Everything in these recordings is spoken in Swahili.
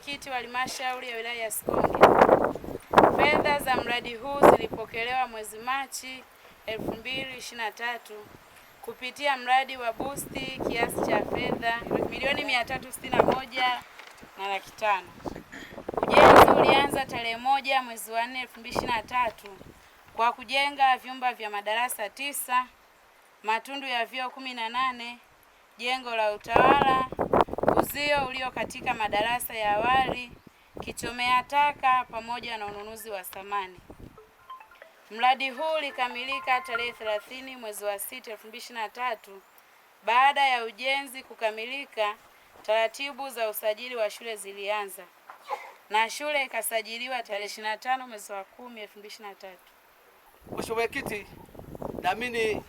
mwenyekiti wa halmashauri ya wilaya ya Sikonge. Fedha za mradi huu zilipokelewa mwezi Machi 2023 kupitia mradi wa busti kiasi cha fedha milioni 361 na laki tano. Ujenzi ulianza tarehe moja mwezi wa 4 2023 kwa kujenga vyumba vya madarasa tisa, matundu ya vyoo 18, jengo la utawala uzio ulio katika madarasa ya awali, kichomea taka pamoja na ununuzi wa samani. Mradi huu ulikamilika tarehe 30 mwezi wa 6 2023 baada ya ujenzi kukamilika, taratibu za usajili wa shule zilianza na shule ikasajiliwa tarehe 25 mwezi wa 10 2023. Mheshimiwa Mwenyekiti, naamini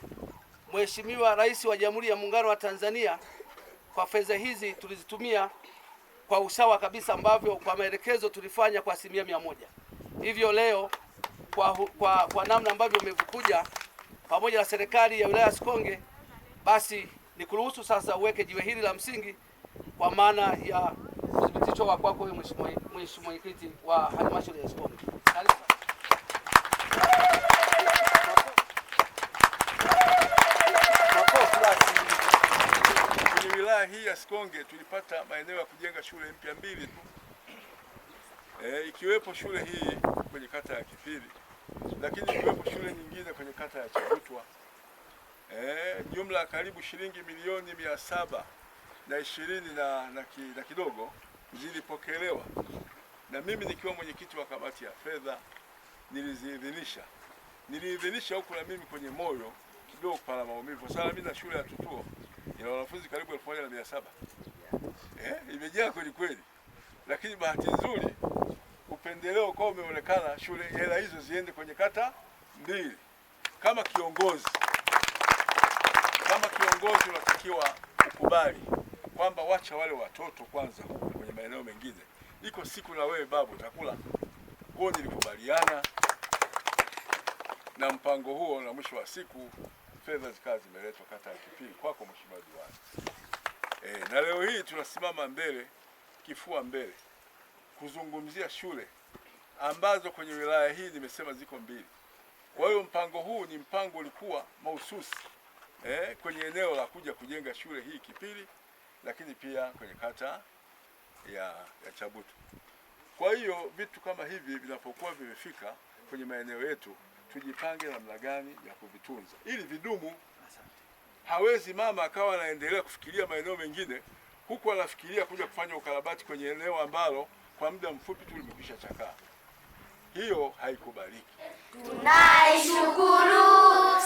Mheshimiwa Rais wa Jamhuri ya Muungano wa Tanzania kwa fedha hizi tulizitumia kwa usawa kabisa ambavyo kwa maelekezo tulifanya kwa asilimia mia moja. Hivyo leo kwa, kwa, kwa namna ambavyo umevukuja pamoja na serikali ya wilaya ya Sikonge, basi ni kuruhusu sasa uweke jiwe hili la msingi kwa maana ya uthibitisho wa kwako wewe mheshimiwa mwenyekiti wa halmashauri ya Sikonge. hii ya Sikonge tulipata maeneo ya kujenga shule mpya mbili tu e, ikiwepo shule hii kwenye kata ya kifiri lakini ikiwepo shule nyingine kwenye kata ya Chibutwa e, jumla ya karibu shilingi milioni mia saba na ishirini na, na, ki, na kidogo zilipokelewa na mimi nikiwa mwenyekiti wa kamati ya fedha niliziidhinisha, niliidhinisha huku na mimi kwenye moyo kidogo kupata maumivu, kwa sababu mimi na shule ya Tutuo ina wanafunzi karibu elfu moja na mia saba eh, imejaa kweli kweli, lakini bahati nzuri upendeleo kwa umeonekana shule, hela hizo ziende kwenye kata mbili. Kama kiongozi, kama kiongozi unatakiwa ukubali kwamba wacha wale watoto kwanza kwenye maeneo mengine. Iko siku na wewe babu utakula Kwa Nilikubaliana na mpango huo, na mwisho wa siku fedha zikawa zimeletwa kata ya Kipili kwako mheshimiwa diwani e, na leo hii tunasimama mbele kifua mbele kuzungumzia shule ambazo kwenye wilaya hii nimesema ziko mbili. Kwa hiyo mpango huu ni mpango ulikuwa mahususi eh, kwenye eneo la kuja kujenga shule hii Kipili, lakini pia kwenye kata ya, ya Chabutu. Kwa hiyo vitu kama hivi vinapokuwa vimefika kwenye maeneo yetu tujipange namna gani ya kuvitunza ili vidumu. Hawezi mama akawa anaendelea kufikiria maeneo mengine huku anafikiria kuja kufanya ukarabati kwenye eneo ambalo kwa muda mfupi tu limekwisha chakaa. Hiyo haikubaliki. Tunaishukuru.